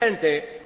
presidente